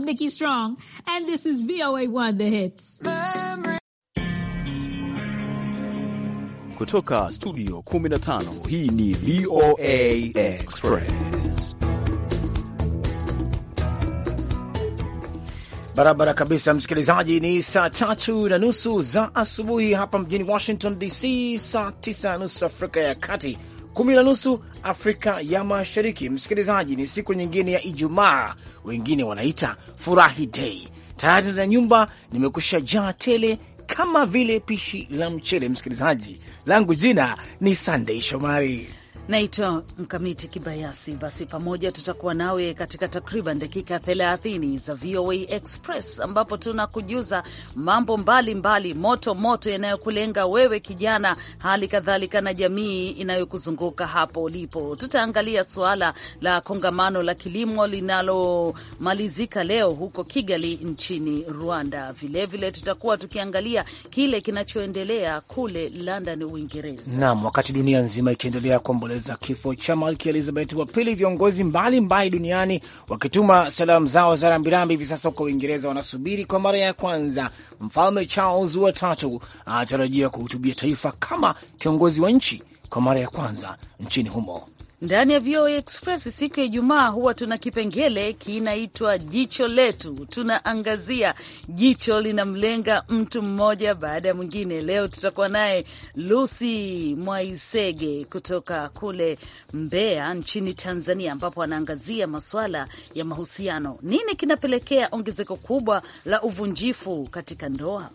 Nikki Strong and this is VOA1 The Hits. Kutoka studio 15 hii ni VOA Express. Barabara kabisa msikilizaji, ni saa tatu na nusu za asubuhi hapa mjini Washington DC, saa tisa na nusu Afrika ya Kati kumi na nusu Afrika ya Mashariki. Msikilizaji, ni siku nyingine ya Ijumaa, wengine wanaita furahi dei. Tayari na nyumba nimekusha jaa tele kama vile pishi la mchele. Msikilizaji langu jina ni Sandei Shomari Naitwa Mkamiti Kibayasi. Basi pamoja tutakuwa nawe katika takriban dakika 30 za VOA Express, ambapo tunakujuza mambo mbalimbali moto moto yanayokulenga wewe kijana, hali kadhalika na jamii inayokuzunguka hapo ulipo. Tutaangalia suala la kongamano la kilimo linalomalizika leo huko Kigali nchini Rwanda. Vilevile tutakuwa tukiangalia kile kinachoendelea kule London, Uingereza. Naam, wakati dunia nzima ikiendelea kuomboleza za kifo cha Malkia Elizabeth wa Pili, viongozi mbalimbali duniani wakituma salamu zao za rambirambi. Hivi sasa kwa Uingereza wanasubiri kwa mara ya kwanza Mfalme Charles wa tatu anatarajia kuhutubia taifa kama kiongozi wa nchi kwa mara ya kwanza nchini humo. Ndani ya VOA Express siku ya Ijumaa huwa tuna kipengele kinaitwa jicho letu. Tunaangazia jicho linamlenga mtu mmoja baada ya mwingine. Leo tutakuwa naye Lucy Mwaisege kutoka kule Mbeya nchini Tanzania, ambapo anaangazia masuala ya mahusiano. Nini kinapelekea ongezeko kubwa la uvunjifu katika ndoa?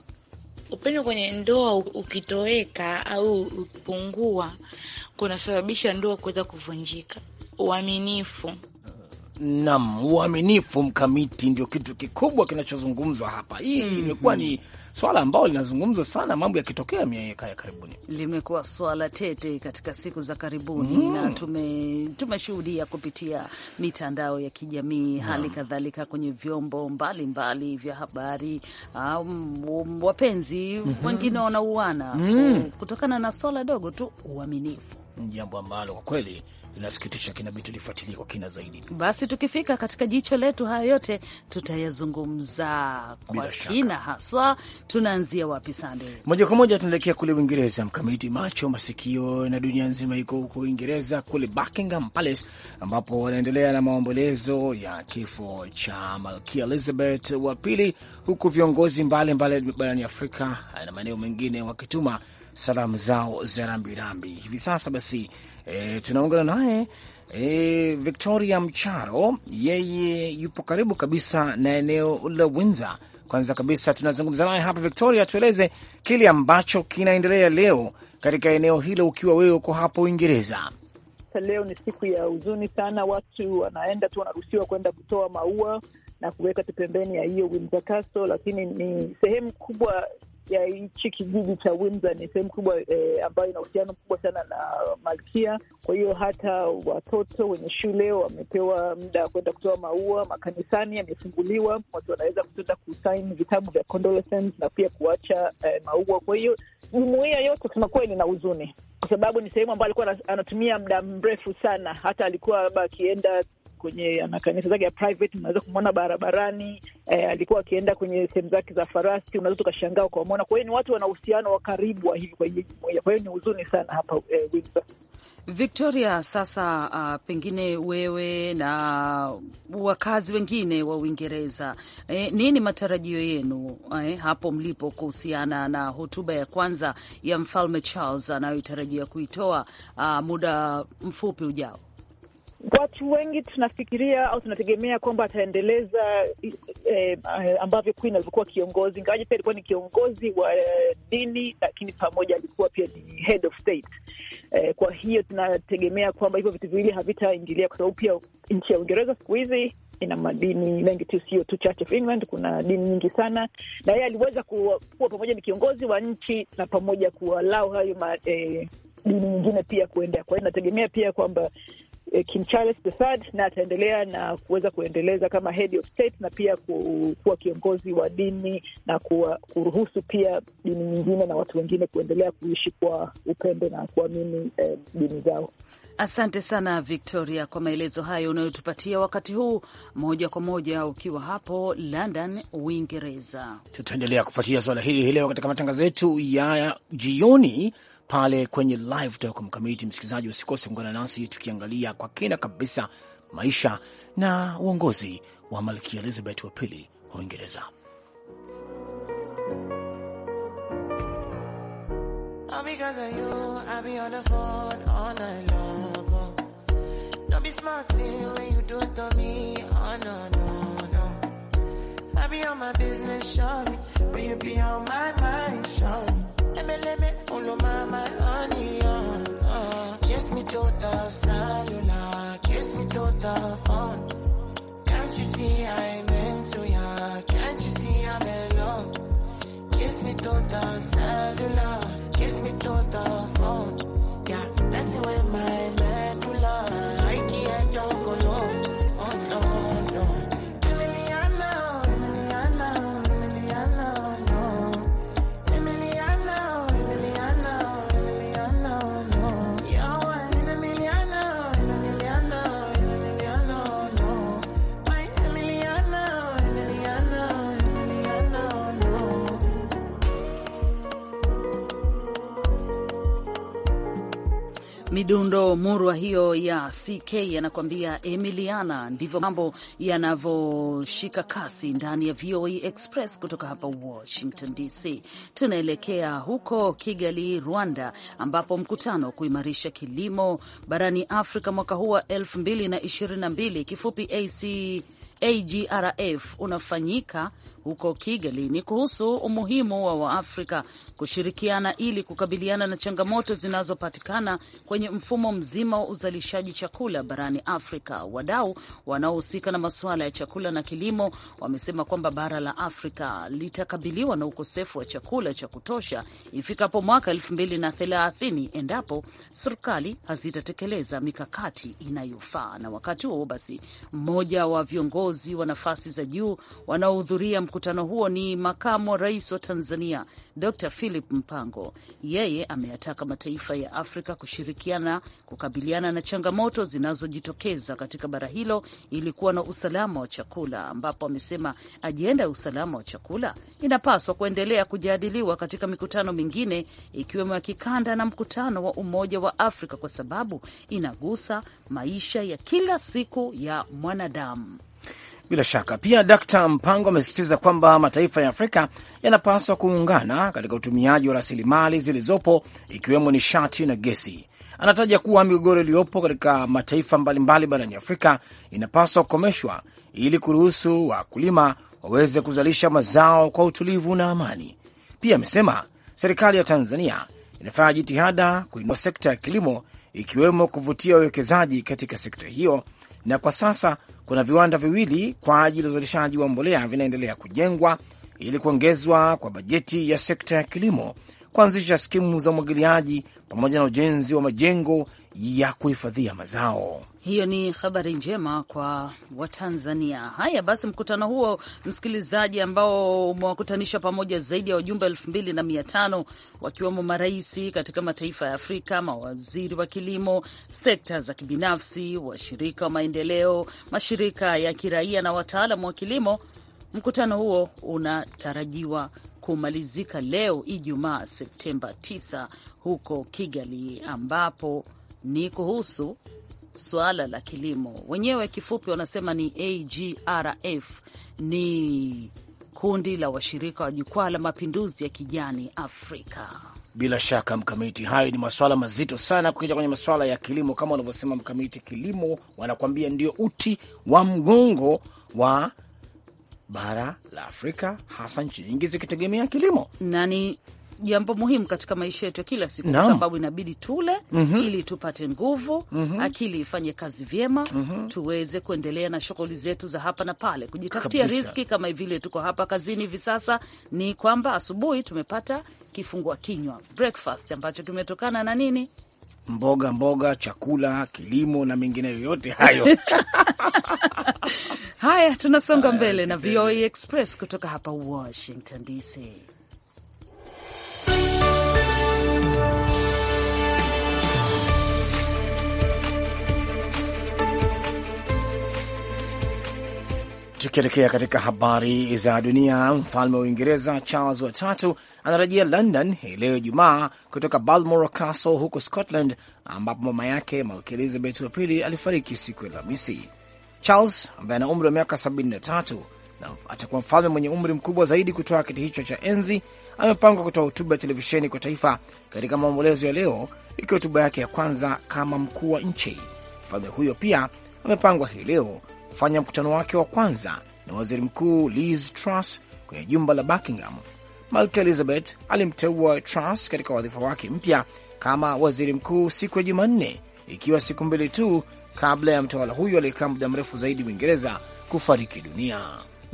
Upendo kwenye ndoa ukitoweka au ukipungua kunasababisha ndoa kuweza kuvunjika. Uaminifu nam uaminifu mkamiti ndio kitu kikubwa kinachozungumzwa hapa. Hii mm -hmm. imekuwa ni swala ambalo linazungumzwa sana, mambo yakitokea miaka ya karibuni, limekuwa swala tete katika siku za karibuni mm. na tume tumeshuhudia kupitia mitandao ya kijamii, hali kadhalika kwenye vyombo mbalimbali vya habari. Um, um wapenzi mm -hmm. wengine wanauana mm. kutokana na swala dogo tu, uaminifu ni jambo ambalo kwa kweli linasikitisha, kinabidi tulifuatilie kwa kina zaidi. Basi tukifika katika jicho letu, haya yote tutayazungumza kwa kina, haswa tunaanzia wapi? Sande, moja kwa moja tunaelekea kule Uingereza. Mkamiti macho masikio na dunia nzima iko huko Uingereza, kule Buckingham Palace ambapo wanaendelea na maombolezo ya kifo cha malkia Elizabeth wa pili, huku viongozi mbalimbali mbali barani Afrika na maeneo mengine wakituma salamu zao za rambirambi hivi sasa. Basi e, tunaungana naye naye e, Victoria Mcharo, yeye yupo karibu kabisa na eneo la Windsor. Kwanza kabisa tunazungumza naye hapa. Victoria, tueleze kile ambacho kinaendelea leo katika eneo hilo, ukiwa wewe uko hapo Uingereza. Leo ni siku ya huzuni sana, watu wanaenda tu, wanaruhusiwa kwenda kutoa maua na kuweka tu pembeni ya hiyo Windsor Castle, lakini ni sehemu kubwa ya hichi kijiji cha Windsor ni sehemu kubwa e, ambayo ina uhusiano mkubwa sana na malkia. Kwa hiyo hata watoto wenye shule wamepewa muda wa kwenda kutoa maua, makanisani yamefunguliwa, watu wanaweza kuenda kusaini vitabu vya na pia kuacha e, maua. Kwa hiyo jumuia yote kusema kweli na huzuni, kwa sababu ni sehemu ambayo alikuwa anatumia muda mrefu sana, hata alikuwa labda akienda kwenye makanisa zake ya private, unaweza kumwona barabarani E, alikuwa akienda kwenye sehemu zake za farasi, unaweza tukashangaa ukamwona. Kwa hiyo ni watu wana uhusiano wa karibu wa hivi kwa hiyo ni huzuni sana hapa e, Windsor. Victoria, sasa uh, pengine wewe na wakazi wengine wa Uingereza e, nini matarajio yenu e, hapo mlipo kuhusiana na hotuba ya kwanza ya Mfalme Charles anayoitarajia kuitoa uh, muda mfupi ujao? watu wengi tunafikiria au tunategemea kwamba ataendeleza eh, eh ambavyo Queen alivyokuwa kiongozi, ingawaji pia alikuwa ni kiongozi wa eh, dini, lakini pamoja alikuwa pia ni head of state eh, kwa hiyo tunategemea kwamba hivyo vitu viwili havitaingilia, kwa sababu pia nchi ya Uingereza siku hizi ina madini mengi tu, sio tu Church of England, kuna dini nyingi sana, na yeye aliweza kuwa pamoja ni kiongozi wa nchi na pamoja kuwalau hayo ma, eh, dini nyingine pia kuendea. Kwa hiyo nategemea pia kwamba e, eh, King Charles the na ataendelea na kuweza kuendeleza kama head of state na pia ku, kuwa kiongozi wa dini na kuwa, kuruhusu pia dini nyingine na watu wengine kuendelea kuishi kwa upendo na kuamini e, dini zao. Asante sana Victoria kwa maelezo hayo unayotupatia wakati huu, moja kwa moja ukiwa hapo London, Uingereza. Tutaendelea kufuatilia swala hili hii leo katika matangazo yetu ya jioni pale kwenye live talk. Mkamiti msikilizaji, usikose kuungana nasi tukiangalia kwa kina kabisa maisha na uongozi wa Malkia Elizabeth wa pili wa Uingereza leme leme, mama honey. Midundo murwa hiyo ya CK anakuambia Emiliana. Ndivyo mambo yanavyoshika kasi ndani ya VOA e Express kutoka hapa Washington DC. Tunaelekea huko Kigali, Rwanda, ambapo mkutano wa kuimarisha kilimo barani Afrika mwaka huu wa 2022 kifupi AC AGRF unafanyika huko Kigali ni kuhusu umuhimu wa Waafrika kushirikiana ili kukabiliana na changamoto zinazopatikana kwenye mfumo mzima wa uzalishaji chakula barani Afrika. Wadau wanaohusika na masuala ya chakula na kilimo wamesema kwamba bara la Afrika litakabiliwa na ukosefu wa chakula cha kutosha ifikapo mwaka 2030 endapo serikali hazitatekeleza mikakati inayofaa. Na wakati huo basi, mmoja wa viongozi wa nafasi za juu wanaohudhuria mkutano huo ni makamu wa rais wa Tanzania Dr Philip Mpango. Yeye ameyataka mataifa ya Afrika kushirikiana kukabiliana na changamoto zinazojitokeza katika bara hilo ili kuwa na usalama wa chakula, ambapo amesema ajenda ya usalama wa chakula inapaswa kuendelea kujadiliwa katika mikutano mingine ikiwemo ya kikanda na mkutano wa Umoja wa Afrika kwa sababu inagusa maisha ya kila siku ya mwanadamu. Bila shaka pia Dkt Mpango amesisitiza kwamba mataifa ya Afrika yanapaswa kuungana katika utumiaji wa rasilimali zilizopo ikiwemo nishati na gesi. Anataja kuwa migogoro iliyopo katika mataifa mbalimbali barani Afrika inapaswa kukomeshwa ili kuruhusu wakulima waweze kuzalisha mazao kwa utulivu na amani. Pia amesema serikali ya Tanzania inafanya jitihada kuinua sekta ya kilimo, ikiwemo kuvutia wawekezaji katika sekta hiyo, na kwa sasa kuna viwanda viwili kwa ajili ya uzalishaji wa mbolea vinaendelea kujengwa ili kuongezwa kwa bajeti ya sekta ya kilimo, kuanzisha skimu za umwagiliaji pamoja na ujenzi wa majengo ya kuhifadhia mazao. Hiyo ni habari njema kwa Watanzania. Haya basi, mkutano huo msikilizaji, ambao umewakutanisha pamoja zaidi ya wajumbe elfu mbili na mia tano wakiwemo maraisi katika mataifa ya Afrika, mawaziri wa kilimo, sekta za kibinafsi, washirika wa maendeleo, mashirika ya kiraia na wataalam wa kilimo. Mkutano huo unatarajiwa kumalizika leo Ijumaa Septemba 9 huko Kigali, ambapo ni kuhusu suala la kilimo. Wenyewe kifupi wanasema ni AGRF, ni kundi la washirika wa jukwaa la mapinduzi ya kijani Afrika. Bila shaka Mkamiti, hayo ni maswala mazito sana. kukija kwenye maswala ya kilimo, kama unavyosema Mkamiti, kilimo wanakuambia ndio uti wa mgongo wa bara la Afrika, hasa nchi nyingi zikitegemea kilimo. ni jambo muhimu katika maisha yetu ya kila siku kwa sababu inabidi tule mm -hmm. ili tupate nguvu mm -hmm. akili ifanye kazi vyema mm -hmm. tuweze kuendelea na shughuli zetu za hapa na pale, kujitafutia riski kama vile tuko hapa kazini hivi sasa. Ni kwamba asubuhi tumepata kifungua kinywa breakfast ambacho kimetokana na nini? Mboga mboga, chakula, kilimo na mengineyo yote hayo. Haya, tunasonga mbele na VOA e Express kutoka hapa Washington DC. Tukielekea katika habari za dunia, mfalme wa Uingereza Charles watatu anarejea London hii leo Ijumaa kutoka Balmoral Castle huko Scotland, ambapo mama yake Malkia Elizabeth wa pili alifariki siku ya Alhamisi. Charles ambaye ana umri wa miaka 73 na atakuwa mfalme mwenye umri mkubwa zaidi kutoa kiti hicho cha enzi, amepangwa kutoa hotuba ya televisheni kwa taifa katika maombolezo ya leo, ikiwa hotuba yake ya kwanza kama mkuu wa nchi. Mfalme huyo pia amepangwa hii leo kufanya mkutano wake wa kwanza na waziri mkuu Liz Truss kwenye jumba la Buckingham. Malkia Elizabeth alimteua Truss katika wadhifa wake mpya kama waziri mkuu siku ya Jumanne, ikiwa siku mbili tu kabla ya mtawala huyo aliyekaa muda mrefu zaidi Uingereza kufariki dunia.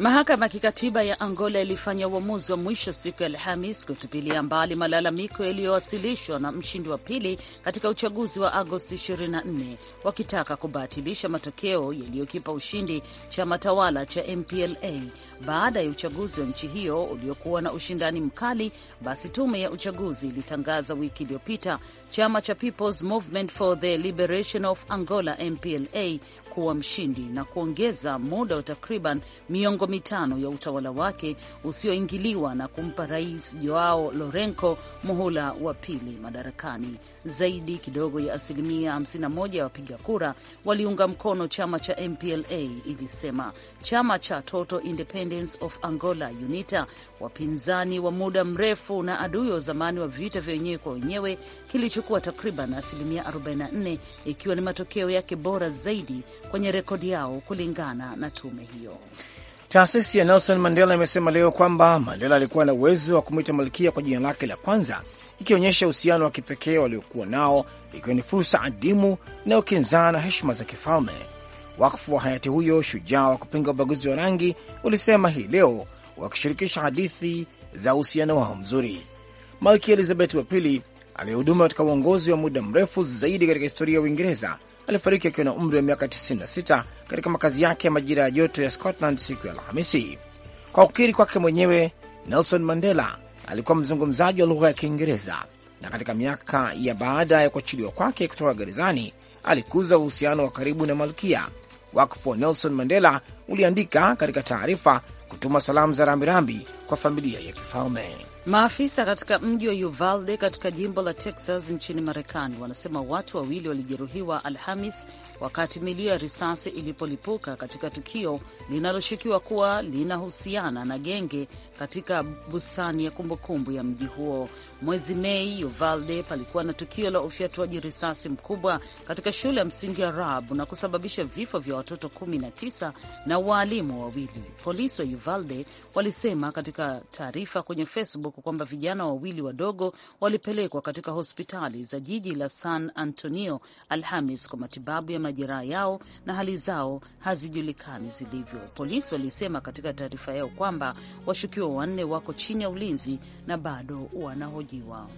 Mahakama ya kikatiba ya Angola ilifanya uamuzi wa mwisho siku ya Alhamis kutupilia mbali malalamiko yaliyowasilishwa na mshindi wa pili katika uchaguzi wa Agosti 24 wakitaka kubatilisha matokeo yaliyokipa ushindi chama tawala cha MPLA baada ya uchaguzi wa nchi hiyo uliokuwa na ushindani mkali. Basi tume ya uchaguzi ilitangaza wiki iliyopita chama cha People's Movement for the Liberation of Angola MPLA kuwa mshindi na kuongeza muda wa takriban miongo mitano ya utawala wake usioingiliwa na kumpa Rais Joao Lourenco muhula wa pili madarakani. Zaidi kidogo ya asilimia 51 ya wapiga kura waliunga mkono chama cha MPLA, ilisema chama cha Total Independence of Angola UNITA wapinzani wa muda mrefu na adui wa zamani wa vita vya wenyewe kwa wenyewe kilichukua takriban asilimia 44, ikiwa ni matokeo yake bora zaidi kwenye rekodi yao kulingana na tume hiyo. Taasisi ya Nelson Mandela imesema leo kwamba Mandela alikuwa na uwezo wa kumwita malkia kwa jina lake la kwanza, ikionyesha uhusiano wa kipekee waliokuwa nao, ikiwa ni fursa adimu inayokinzana na heshima za kifalme. Wakfu wa hayati huyo shujaa wa kupinga ubaguzi wa rangi ulisema hii leo wakishirikisha hadithi za uhusiano wao mzuri. Malkia Elizabeth wa pili aliyehudumu katika uongozi wa muda mrefu zaidi katika historia ya Uingereza alifariki akiwa na umri wa miaka 96 katika makazi yake ya majira ya joto ya Scotland siku ya Alhamisi. Kwa kukiri kwake mwenyewe, Nelson Mandela alikuwa mzungumzaji wa lugha ya Kiingereza, na katika miaka ya baada ya kuachiliwa kwake kutoka gerezani alikuza uhusiano wa karibu na malkia wakfu wa Nelson Mandela uliandika katika taarifa kutuma salamu za rambirambi kwa familia ya kifalme. Maafisa katika mji wa Uvalde katika jimbo la Texas nchini Marekani wanasema watu wawili walijeruhiwa Alhamis wakati milio ya risasi ilipolipuka katika tukio linaloshukiwa kuwa linahusiana na genge katika bustani ya kumbukumbu ya mji huo. Mwezi Mei, Uvalde palikuwa na tukio la ufyatuaji risasi mkubwa katika shule ya msingi ya Rab na kusababisha vifo vya watoto 19 na waalimu wawili. Polisi wa Uvalde walisema katika taarifa kwenye Facebook kwamba vijana wawili wadogo walipelekwa katika hospitali za jiji la San Antonio Alhamis kwa matibabu ya majeraha yao na hali zao hazijulikani zilivyo. Polisi walisema katika taarifa yao kwamba washukiwa wanne wako chini ya ulinzi na bado wanahoji you won't.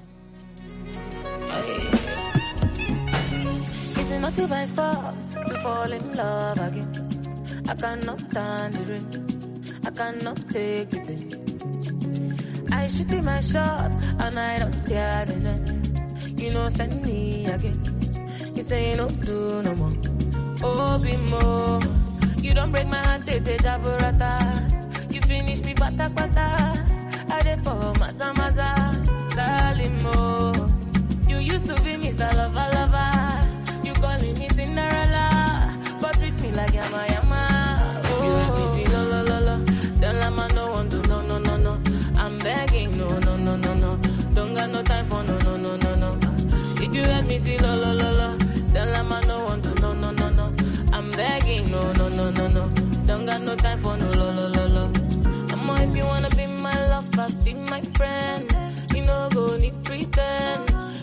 Is it not by force to fall in love again? I cannot stand the rain. I cannot take the pain. I shoot in my shot and I don't tear the net. You know, send me again. You say you don't do no more. Oh, be more. You don't break my heart, they jaburata. You finish me, pata pata. I dey for maza maza darling more. You used to be Mr. Lover Lover. You calling me Cinderella, but treat me like Yama Yama. Oh. You let me see no no no no. Tell Lama no one do no no no no. I'm begging no no no no no. Don't got no time for no no no no no. If you let me see no no no no. Tell Lama no one do no no no no. I'm begging no no no no no. Don't got no time for no no no no no. Mama, if you wanna be my lover, be my friend.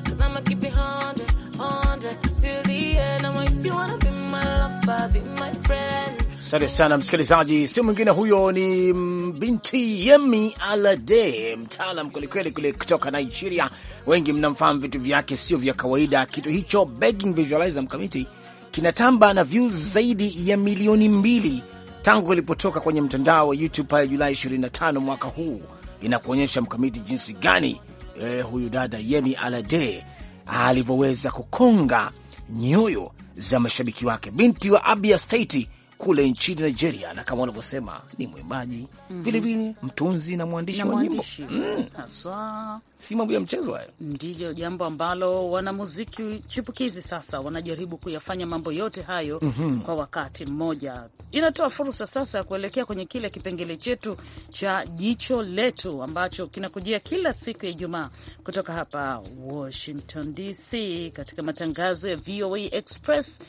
cause I'ma keep it till the end. you wanna be my lover, be my friend. Asante sana msikilizaji, si mwingine huyo ni binti Yemi Alade, mtaalam kwelikweli kule kutoka Nigeria. Wengi mnamfahamu, vitu vyake sio vya kawaida. Kitu hicho begging visualizer mkamiti kinatamba na views zaidi ya milioni mbili tangu ilipotoka kwenye mtandao wa YouTube pale Julai 25 mwaka huu. Inakuonyesha mkamiti jinsi gani eh, huyu dada Yemi Alade alivyoweza kukonga nyoyo za mashabiki wake, binti wa Abia State kule nchini Nigeria, na kama unavyosema ni mwimbaji vilevile, mm -hmm. mtunzi na mwandishi wa nyimbo mm. Haswa si mambo ya mchezo hayo, ndilo jambo ambalo wanamuziki chipukizi sasa wanajaribu kuyafanya mambo yote hayo mm -hmm. kwa wakati mmoja. Inatoa fursa sasa ya kuelekea kwenye kile kipengele chetu cha jicho letu ambacho kinakujia kila siku ya Ijumaa kutoka hapa Washington DC, katika matangazo ya VOA Express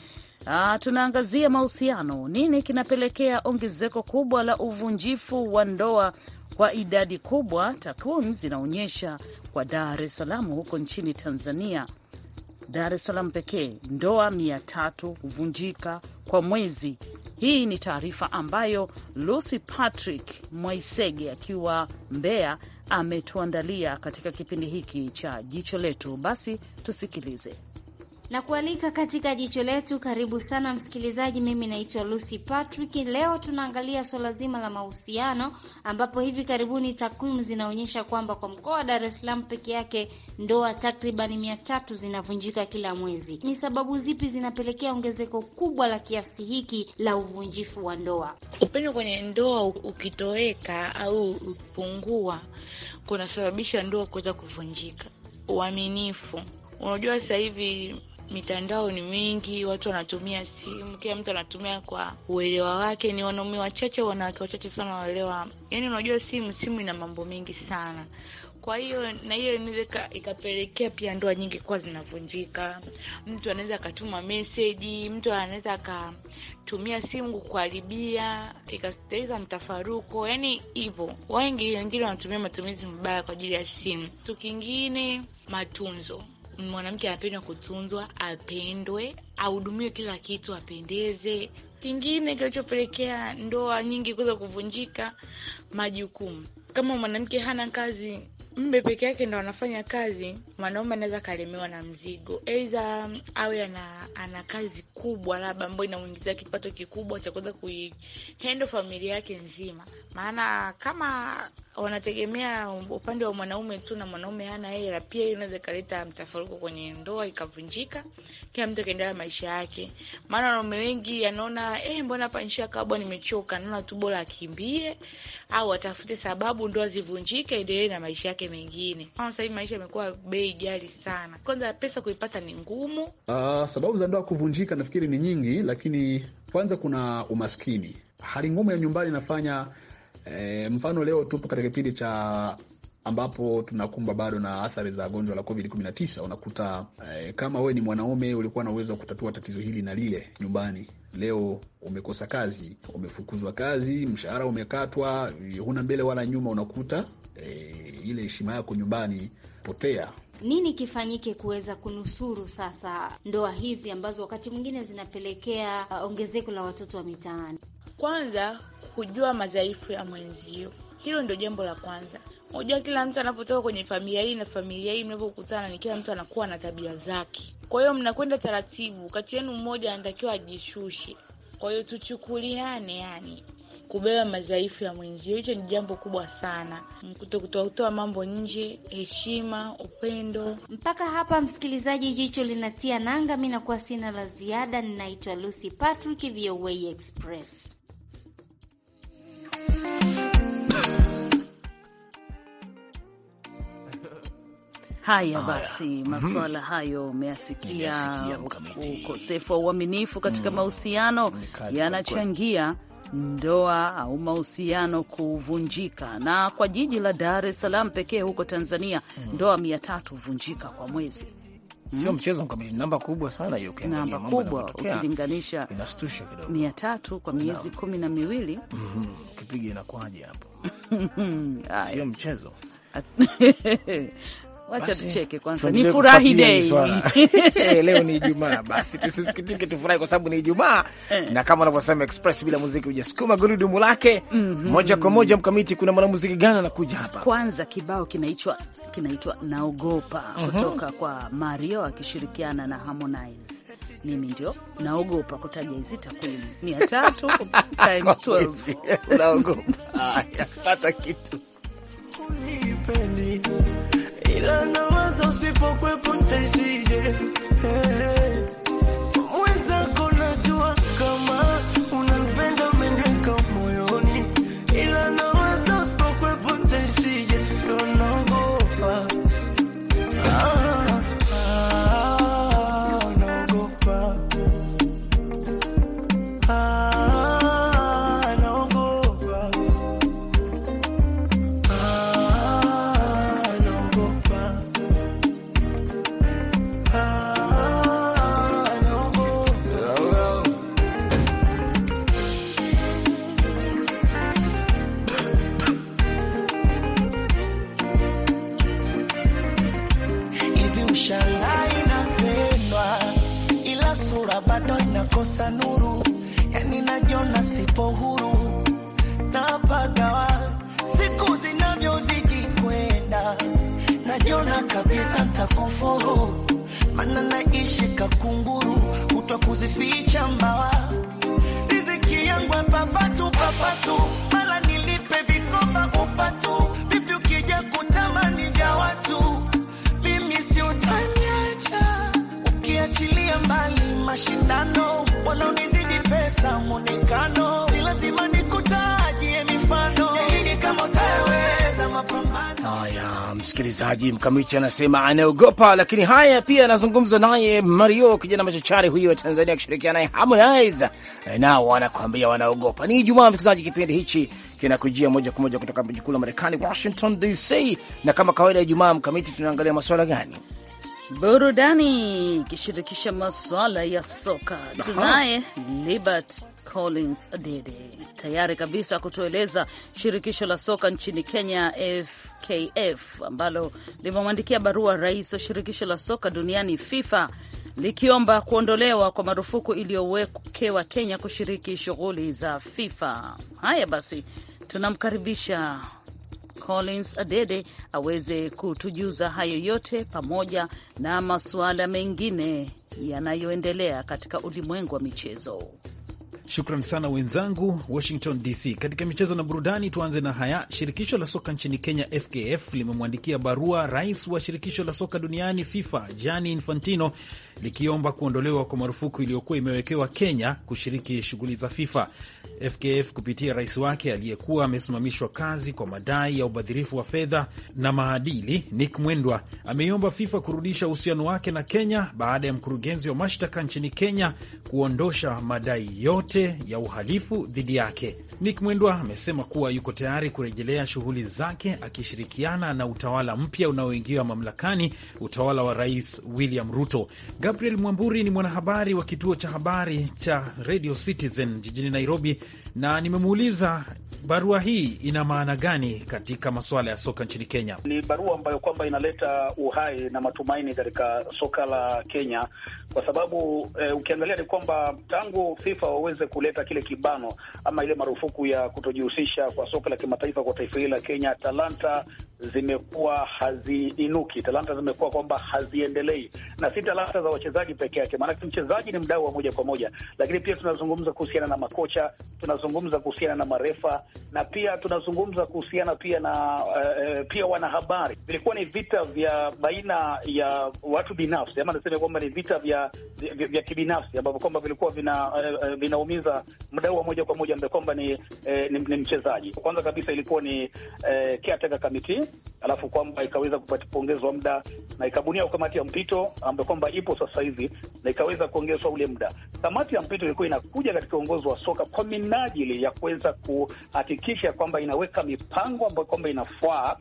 Ah, tunaangazia mahusiano. Nini kinapelekea ongezeko kubwa la uvunjifu wa ndoa kwa idadi kubwa? Takwimu zinaonyesha kwa Dar es Salaam huko nchini Tanzania, Dar es Salaam pekee ndoa mia tatu huvunjika kwa mwezi. Hii ni taarifa ambayo Lucy Patrick Mwaisege akiwa Mbeya ametuandalia katika kipindi hiki cha Jicho Letu. Basi tusikilize na kualika katika jicho letu. Karibu sana msikilizaji, mimi naitwa Lucy Patrick. Leo tunaangalia swala zima la mahusiano, ambapo hivi karibuni takwimu zinaonyesha kwamba kwa mkoa wa Dar es Salaam peke yake ndoa takribani mia tatu zinavunjika kila mwezi. Ni sababu zipi zinapelekea ongezeko kubwa la kiasi hiki la uvunjifu wa ndoa? Upendo kwenye ndoa ukitoweka au ukipungua, kunasababisha ndoa kuweza kuvunjika. Uaminifu, unajua sasa hivi mitandao ni mingi, watu wanatumia simu, kila mtu anatumia kwa uelewa wake. Ni wanaume wachache, wanawake wachache sana waelewa. Yani unajua simu, simu ina mambo mengi sana kwa hiyo na hiyo inaweza ikapelekea pia ndoa nyingi kuwa zinavunjika. Mtu anaweza akatuma meseji, mtu anaweza akatumia simu kukuharibia, ikateza mtafaruko, yani hivyo. Wengi wengine wanatumia matumizi mabaya kwa ajili ya simu. Kitu kingine, matunzo mwanamke apendwe kutunzwa, apendwe, ahudumiwe kila kitu, apendeze. Kingine kilichopelekea ndoa nyingi kuweza kuvunjika, majukumu. Kama mwanamke hana kazi mme peke yake ndo anafanya kazi, mwanaume anaweza akalemewa na mzigo, aidha um, awe ana, ana kazi kubwa labda ambayo inamwingizia kipato kikubwa cha kuweza kuihendo familia yake nzima. Maana kama wanategemea upande wa mwanaume tu na mwanaume hana hela, pia hiyo inaweza ikaleta mtafaruko kwenye ndoa, ikavunjika, kila mtu akaendelea maisha yake. Maana wanaume wengi anaona eh, mbona hapa nshia kabwa, nimechoka, naona tu bora akimbie au atafute sababu ndoa zivunjike, endelee na maisha yake yake mengine. Sasa hivi maisha yamekuwa bei ghali sana, kwanza pesa kuipata ni ngumu. Uh, sababu za ndoa kuvunjika nafikiri ni nyingi, lakini kwanza kuna umaskini, hali ngumu ya nyumbani inafanya eh, mfano leo tupo katika kipindi cha ambapo tunakumba bado na athari za gonjwa la Covid 19. Unakuta eh, kama wewe ni mwanaume ulikuwa na uwezo wa kutatua tatizo hili na lile nyumbani Leo umekosa kazi, umefukuzwa kazi, mshahara umekatwa, huna mbele wala nyuma, unakuta e, ile heshima yako nyumbani potea. Nini kifanyike kuweza kunusuru sasa ndoa hizi ambazo wakati mwingine zinapelekea uh, ongezeko la watoto wa mitaani? Kwanza kujua madhaifu ya mwenzio, hilo ndio jambo la kwanza. Unajua, kila mtu anapotoka kwenye familia hii na familia hii, mnavyokutana ni kila mtu anakuwa na tabia zake. Kwa hiyo mnakwenda taratibu, kati yenu mmoja anatakiwa ajishushe. Kwa hiyo tuchukuliane, yani kubeba madhaifu ya mwenzio, hicho ni jambo kubwa sana, kutoa mambo nje, heshima, upendo. Mpaka hapa, msikilizaji, jicho linatia nanga. Mi nakuwa sina la ziada. Ninaitwa Lucy Patrick, VOA Express. Haya basi, mhm. masuala mm -hmm. hayo umeyasikia. Ukosefu wa uaminifu katika mm. mahusiano yanachangia ndoa au mahusiano kuvunjika, na kwa jiji la Dar es Salaam pekee huko Tanzania mm. ndoa mia tatu vunjika kwa mwezi. Sio mm? mchezo namba kubwa sana hiyo, namba kubwa ukilinganisha mia tatu kwa miezi kumi na miwili mhm. ukipiga inakuwaje hapo? Sio mchezo Wacha tucheke kwanza, ni furahi dei leo ni Ijumaa, basi tusisikitike, tufurahi kwa sababu ni Ijumaa eh. na kama unavyosema express, bila muziki hujasukuma gurudumu lake mm -hmm. Moja kwa moja mkamiti, kuna mwanamuziki gani anakuja hapa? Kwanza kibao kinaitwa kinaitwa naogopa mm -hmm. kutoka kwa Mario akishirikiana na Harmonize. Mimi ndio naogopa kutaja hizi takwimu mia tatu times 12 naogopa yapata kitu ila nawaza usipokwepo ntaishije? kulala bado inakosa nuru, yani najona sipo huru napagawa siku zinavyozidi kwenda najona kabisa takufuru mana naishi kakunguru, kutwa kuzificha mbawa, riziki yangu papatu papatu, mala nilipe vikomba upatu, vipi ukija kutamani ja watu, mimi sio tanyacha ukiachilia mbali mashindano, wala unizidi pesa muonekano, si lazima nikutajie mifano kama utaweza mapambano haya. Msikilizaji mkamiti anasema anaogopa, lakini haya pia anazungumza naye Mario, kijana machachari huyo wa Tanzania akishirikiana naye Harmonize, nao wanakwambia wanaogopa. Ni Ijumaa, msikilizaji, kipindi hichi kinakujia moja kwa moja kutoka mji mkuu Marekani, Washington DC, na kama kawaida ya Ijumaa mkamiti, tunaangalia masuala gani? burudani ikishirikisha maswala ya soka. Tunaye Libert Collins Adede tayari kabisa kutueleza shirikisho la soka nchini Kenya FKF ambalo limemwandikia barua rais wa shirikisho la soka duniani FIFA likiomba kuondolewa kwa marufuku iliyowekewa Kenya kushiriki shughuli za FIFA. Haya basi, tunamkaribisha Collins Adede aweze kutujuza hayo yote pamoja na masuala mengine yanayoendelea katika ulimwengu wa michezo. Shukran sana wenzangu Washington DC. Katika michezo na burudani, tuanze na haya. Shirikisho la soka nchini Kenya, FKF, limemwandikia barua rais wa shirikisho la soka duniani FIFA, Gianni Infantino likiomba kuondolewa kwa marufuku iliyokuwa imewekewa Kenya kushiriki shughuli za FIFA. FKF kupitia rais wake aliyekuwa amesimamishwa kazi kwa madai ya ubadhirifu wa fedha na maadili, Nick Mwendwa ameiomba FIFA kurudisha uhusiano wake na Kenya baada ya mkurugenzi wa mashtaka nchini Kenya kuondosha madai yote ya uhalifu dhidi yake. Nick Mwendwa amesema kuwa yuko tayari kurejelea shughuli zake akishirikiana na utawala mpya unaoingia mamlakani, utawala wa Rais William Ruto. Gabriel Mwamburi ni mwanahabari wa kituo cha habari cha Radio Citizen jijini Nairobi, na nimemuuliza Barua hii ina maana gani katika masuala ya soka nchini Kenya? Ni barua ambayo kwamba inaleta uhai na matumaini katika soka la Kenya kwa sababu e, ukiangalia ni kwamba tangu FIFA waweze kuleta kile kibano ama ile marufuku ya kutojihusisha kwa soka la kimataifa kwa taifa hili la Kenya, talanta zimekuwa haziinuki, talanta zimekuwa kwamba haziendelei, na si talanta za wachezaji peke yake, maanake mchezaji ni mdau wa moja kwa moja, lakini pia tunazungumza kuhusiana na makocha, tunazungumza kuhusiana na marefa, na pia tunazungumza kuhusiana pia na uh, pia wanahabari. Vilikuwa ni vita vya baina ya watu binafsi, ama niseme kwamba ni vita vya vya, vya kibinafsi ambavyo kwamba vilikuwa vina uh, vinaumiza mdau wa moja kwa moja ambaye kwamba ni, uh, ni, ni mchezaji. Kwanza kabisa ilikuwa ni uh, caretaker committee, alafu kwamba ikaweza kupata kuongezwa muda na ikabunia kamati ya mpito ambayo kwamba ipo sasa hivi na ikaweza kuongezwa ule muda. Kamati ya mpito ilikuwa inakuja katika uongozi wa soka kwa minajili ya kuweza ku inahakikisha kwamba inaweka mipango ambayo kwamba inafaa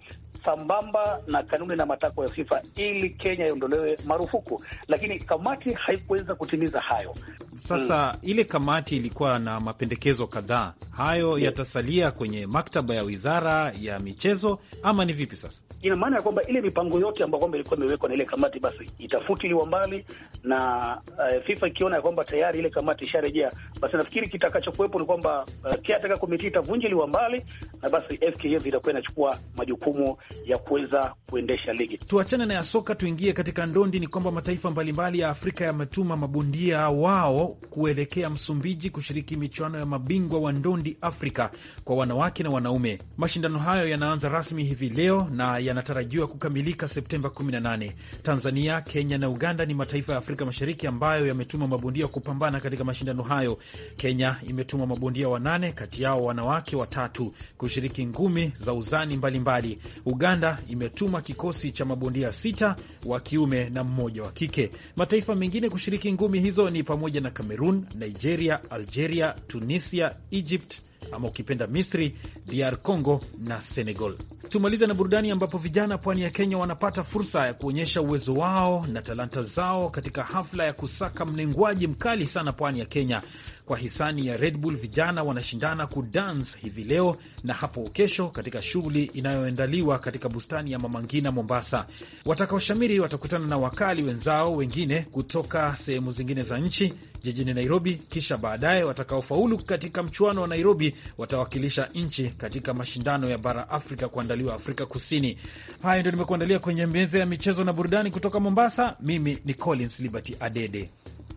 sambamba na kanuni na matakwa ya FIFA ili Kenya iondolewe marufuku, lakini kamati haikuweza kutimiza hayo. Sasa mm, ile kamati ilikuwa na mapendekezo kadhaa, hayo yes. yatasalia kwenye maktaba ya wizara ya michezo ama ni vipi? Sasa ina maana ya kwamba ile mipango yote ambayo kwamba ilikuwa imewekwa na ile kamati basi itafutiliwa mbali na uh, FIFA ikiona ya kwamba tayari ile kamati isharejea, basi nafikiri kitakachokuwepo ni kwamba uh, kiataka komiti itavunjiliwa mbali na basi FKF itakuwa inachukua majukumu ya kuweza kuendesha ligi. Tuachane na ya soka, tuingie katika ndondi. Ni kwamba mataifa mbalimbali ya Afrika yametuma mabondia wao kuelekea Msumbiji kushiriki michuano ya mabingwa wa ndondi Afrika kwa wanawake na wanaume. Mashindano hayo yanaanza rasmi hivi leo na yanatarajiwa kukamilika Septemba 18. Tanzania, Kenya na Uganda ni mataifa ya Afrika Mashariki ambayo yametuma mabondia kupambana katika mashindano hayo. Kenya imetuma mabondia wanane, kati yao wanawake watatu kushiriki ngumi za uzani mbalimbali mbali. Uganda imetuma kikosi cha mabondia sita wa kiume na mmoja wa kike. Mataifa mengine kushiriki ngumi hizo ni pamoja na Cameroon, Nigeria, Algeria, Tunisia, Egypt, ama ukipenda Misri, DR Congo na Senegal. Tumalize na burudani, ambapo vijana pwani ya Kenya wanapata fursa ya kuonyesha uwezo wao na talanta zao katika hafla ya kusaka mnengwaji mkali sana pwani ya Kenya kwa hisani ya Red Bull. Vijana wanashindana kudans hivi leo na hapo kesho katika shughuli inayoandaliwa katika bustani ya Mama Ngina, Mombasa. Watakaoshamiri watakutana na wakali wenzao wengine kutoka sehemu zingine za nchi jijini Nairobi, kisha baadaye watakaofaulu katika mchuano wa Nairobi watawakilisha nchi katika mashindano ya bara Afrika kuandaliwa Afrika Kusini. Hayo ndio nimekuandalia kwenye meza ya michezo na burudani kutoka Mombasa. Mimi ni Collins Liberty Adede.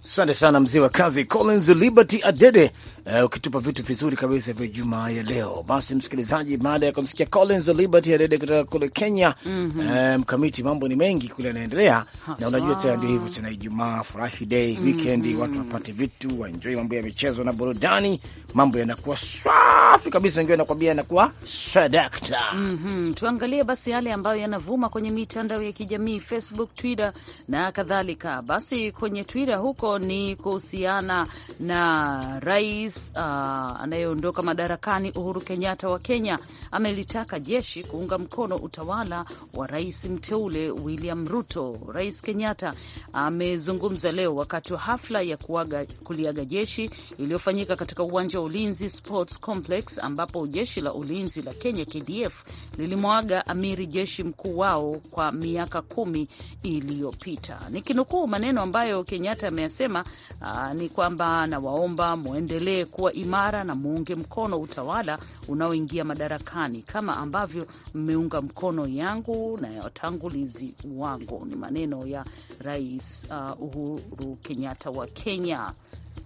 Asante sana mzee wa kazi Collins Liberty Adede uh, ukitupa vitu vizuri kabisa vya Ijumaa ya leo. Basi msikilizaji, baada ya kumsikia Collins Liberty Adede kutoka kule Kenya, mm -hmm. Mkamiti, um, mambo ni mengi kule yanaendelea, na unajua tena ndio hivyo tena, Ijumaa furahi day mm -hmm. weekend watu wapate vitu waenjoi, mambo ya michezo na burudani, mambo yanakuwa safi kabisa, wengine wanakwambia yanakuwa sadakta. mm -hmm. Tuangalie basi yale ambayo yanavuma kwenye mitandao ya kijamii Facebook, Twitter na kadhalika. Basi kwenye Twitter huko ni kuhusiana na rais rais uh, anayeondoka madarakani Uhuru Kenyatta wa Kenya amelitaka jeshi kuunga mkono utawala wa rais mteule William Ruto. Rais Kenyatta amezungumza leo wakati wa hafla ya kuaga, kuliaga jeshi iliyofanyika katika uwanja wa Ulinzi Sports Complex ambapo jeshi la ulinzi la Kenya KDF lilimwaga amiri jeshi mkuu wao kwa miaka kumi iliyopita. Nikinukuu maneno ambayo Kenyatta ameyasema uh, ni kwamba nawaomba mwendelee kuwa imara na muunge mkono utawala unaoingia madarakani kama ambavyo mmeunga mkono yangu na ya watangulizi wangu. Ni maneno ya Rais uh, Uhuru Kenyatta wa Kenya.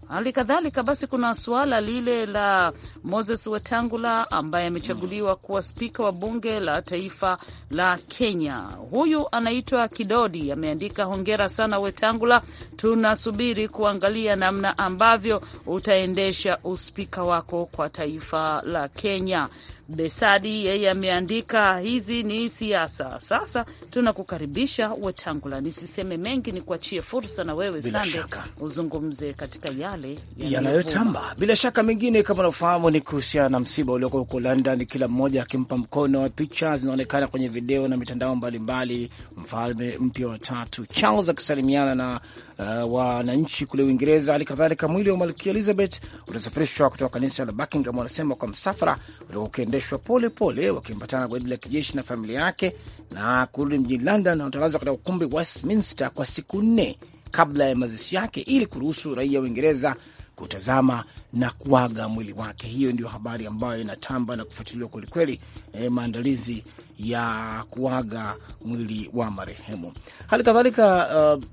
Hali kadhalika basi, kuna suala lile la Moses Wetangula ambaye amechaguliwa kuwa spika wa bunge la taifa la Kenya. Huyu anaitwa Kidodi, ameandika hongera sana Wetangula, tunasubiri kuangalia namna ambavyo utaendesha uspika wako kwa taifa la Kenya. Besadi yeye ameandika hizi ni siasa. Sasa tunakukaribisha Wetangula, nisiseme mengi, ni kuachie fursa na wewe Sande uzungumze katika yale yanayotamba. Bila shaka mengine kama unaofahamu ni kuhusiana na msiba ulioko huko London, kila mmoja akimpa mkono. Picha zinaonekana kwenye video na mitandao mbalimbali, mfalme mpya wa tatu Charles akisalimiana na uh, wananchi kule Uingereza. Hali kadhalika mwili wa Malkia Elizabeth utasafirishwa kutoka kanisa la Buckingham, wanasema kwa msafara utakuwa ukiendeshwa pole pole, wakiambatana kwa idadi la kijeshi na familia yake na kurudi mjini London, na utalazwa katika ukumbi Westminster kwa siku nne kabla ya mazishi yake ili kuruhusu raia wa Uingereza kutazama na kuaga mwili wake. Hiyo ndio habari ambayo inatamba na kufuatiliwa kwelikweli, eh, maandalizi ya kuaga mwili wa marehemu. Hali kadhalika uh,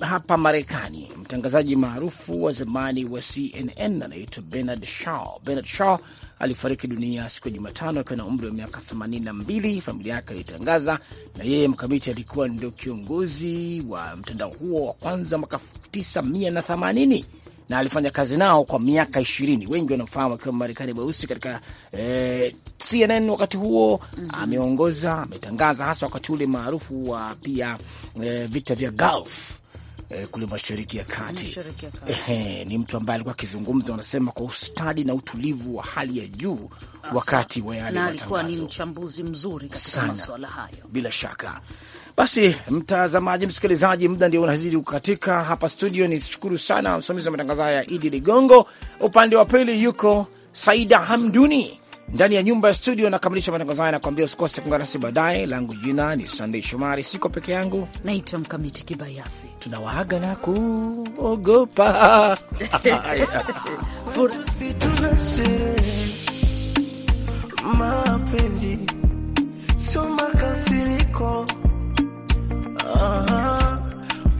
hapa Marekani, mtangazaji maarufu wa zamani wa CNN anaitwa Bernard Shaw. Bernard Shaw alifariki dunia siku ya Jumatano akiwa na umri wa miaka 82. Familia yake alitangaza, na yeye mkamiti alikuwa ndio kiongozi wa mtandao huo wa kwanza mwaka 1980 na alifanya kazi nao kwa miaka ishirini. Wengi wanamfahamu akiwa Marekani weusi katika eh, CNN wakati huo mm -hmm. Ameongoza, ametangaza hasa wakati ule maarufu wa pia eh, vita vya Gulf eh, kule mashariki ya kati eh, ni mtu ambaye alikuwa akizungumza, wanasema kwa ustadi na utulivu wa hali ya juu wakati wa yale matangazo. Alikuwa ni mchambuzi mzuri katika masuala hayo bila shaka. Basi mtazamaji, msikilizaji, muda ndio unazidi kukatika hapa studio. ni shukuru sana msimamizi wa matangazo haya Idi Ligongo, upande wa pili yuko Saida Hamduni ndani ya nyumba ya studio. Nakamilisha matangazo haya, kuambia usikose kuungana nasi baadaye. Langu jina ni Sandei Shomari, siko peke yangu, naitwa Mkamiti Kibayasi. Tunawaaga na kuogopa mapenzi sio makasiriko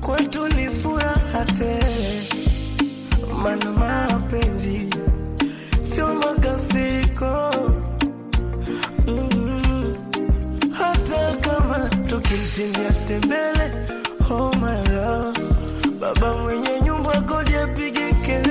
kwetu ni furaha tele, mana mapenzi sio makasiko mm, mm-hmm. hata kama tukishinda tembele. Oh my love, baba mwenye nyumba kodi apige kelele